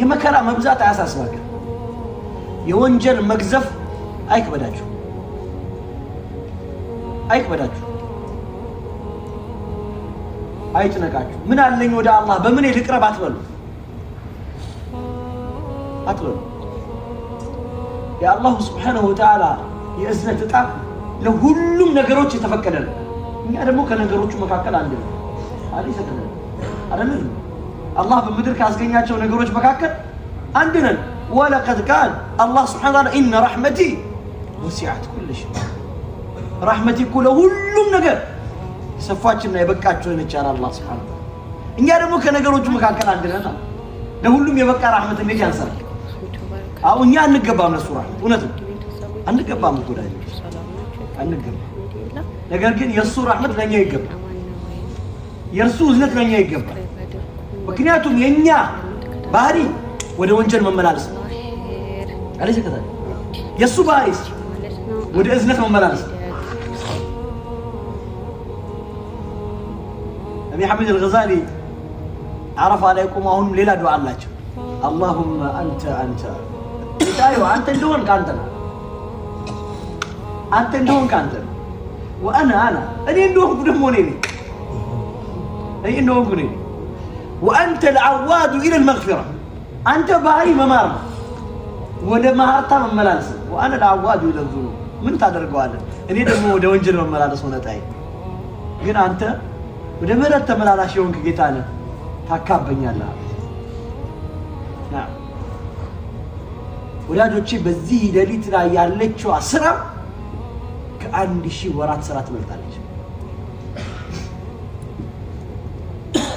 የመከራ መብዛት አያሳስባችሁ። የወንጀል መግዘፍ አይክበዳችሁ አይክበዳችሁ አይጭነቃችሁ። ምን አለኝ ወደ አላህ በምን ልቅረብ አትበሉ አትበሉ። የአላሁ ስብሓነሁ ወተዓላ የእዝነት እጣ ለሁሉም ነገሮች የተፈቀደ ነው። እኛ ደግሞ ከነገሮቹ መካከል አንድ ነው አለ ይፈቀደ አለ አላህ በምድር ካስገኛቸው ነገሮች መካከል አንድ ነን። ወለቀድ ቃል አላህ ስብሓነ ተዓላ ኢነ ረሕመቲ ወሲዐት ኩለ ሸይ ረሕመቲ እኮ ለሁሉም ነገር የሰፋችና የበቃቸው ነቻል አላህ ስብሓነ ተዓላ። እኛ ደግሞ ከነገሮቹ መካከል አንድ ነን። ለሁሉም የበቃ ረሕመት እንዴት ያንሳል? አሁ እኛ አንገባም ለሱ ረሕመት እውነት ነው አንገባም። ጎዳ አንገባም። ነገር ግን የእሱ ረሕመት ለእኛ ይገባል። የእርሱ እዝነት ለእኛ ይገባል። ምክንያቱም የእኛ ባህሪ ወደ ወንጀል መመላለስ ነው። አለይሰከታል የእሱ ባህሪ ወደ እዝነት መመላለስ ነው። ነቢ ሐሚድ አልገዛሊ አረፋ ላይ ቆሙ። አሁንም ሌላ ዱዓ አላቸው። አላሁመ አንተ አንተ ጌታዬ አንተ እንደሆን ከአንተ ነው አንተ እንደሆን ከአንተ ነው ወአና አና እኔ እንደሆንኩ ደግሞ እኔ ነኝ ወአንተ ልአዋዱ ኢለል መግፊራ አንተ ባህሪ መማር ወደ ማህርታ መመላለስ ነው። ወአነ ልአዋዱ ኢለል ዙኑብ ምን ታደርገዋለን? እኔ ደግሞ ወደ ወንጀል መመላለስ ሆነጣይ ግን አንተ ወደ ምህረት ተመላላሽ የሆንክ ጌታ ነህ፣ ታካበኛለህ። ወዳጆቼ በዚህ ሌሊት ላይ ያለችዋ ስራ ከአንድ ሺህ ወራት ስራ ትበልጣለች።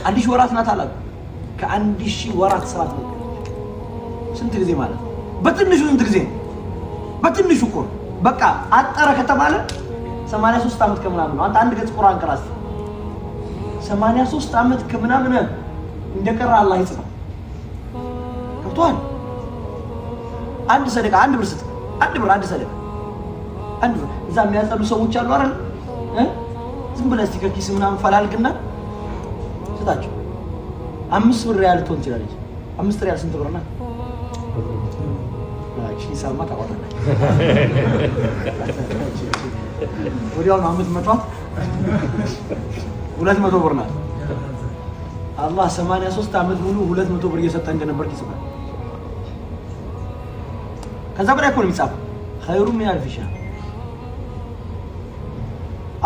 አንድ ሺህ ወራት ናት አላት። ከአንድ ሺህ ወራት ሰዓት ነው። ስንት ጊዜ ማለት ነው? በትንሹ ስንት ጊዜ ነው? በትንሹ እኮ በቃ አጠረ ከተባለ 83 ዓመት ከምናምን ነው። አንተ አንድ ገጽ ቁርአን ቅራስ 83 ዓመት ከምናምን እንደቀረ አላህ ይጽፋ። ገብቶሃል? አንድ ሰደቃ አንድ ብር ስጥ፣ አንድ ብር አንድ ሰደቃ አንድ ብር እዛ የሚያጸዱ ሰዎች አሉ አይደል? ዝም ብለህ እስኪ ከኪስ ምናምን ፈላልግና ፍታቸው። አምስት ብር ያህል ትሆን ትችላለች። አምስት ሪያል ስንት ብር ናት? ሂሳብማ ታውቃታለች። ወዲያውኑ አምስት መቷት ሁለት መቶ ብር ናት። አላህ ሰማንያ ዓመት ሙሉ ሁለት መቶ ብር እየሰጠ እንደነበር ይጽፋል። ከዛ በላይ እኮ ነው የሚጻፈው። ኸይሩ ምን ያህል ፊሻ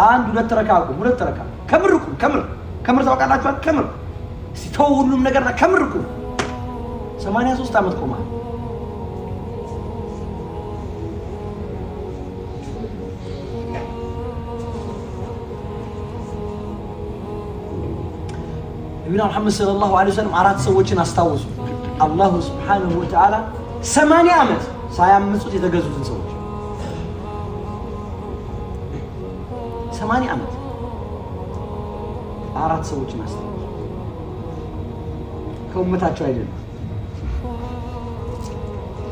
አንድ ሁለት ረካ አቁም፣ ሁለት ረካ ከምር ቁም፣ ከምር ከምር ታውቃላችኋል። ከምር እስቲ ተው ሁሉም ነገር ከምር እኮ ሰማንያ ሶስት ዓመት ቆማል። ነቢና ሙሐመድ ሰለላሁ ዐለይሂ ወሰለም አራት ሰዎችን አስታውሱ። አላሁ ስብሓነሁ ወተዓላ ሰማንያ ዓመት ሳያምፁት የተገዙትን ሰዎች ሰማንያ ዓመት አራት ሰዎች ናቸው። ከውመታቸው አይደለም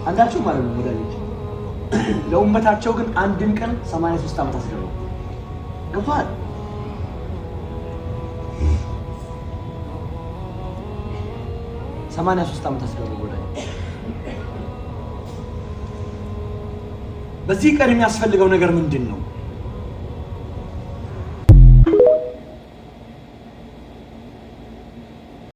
አንዳቸው ማለት ነው ወዳጆች። ለውመታቸው ግን አንድን ቀን 83 ዓመት አስገባ ገብቷል። ሰማንያ ሶስት ዓመት አስገቡ ወዳጆች። በዚህ ቀን የሚያስፈልገው ነገር ምንድን ነው?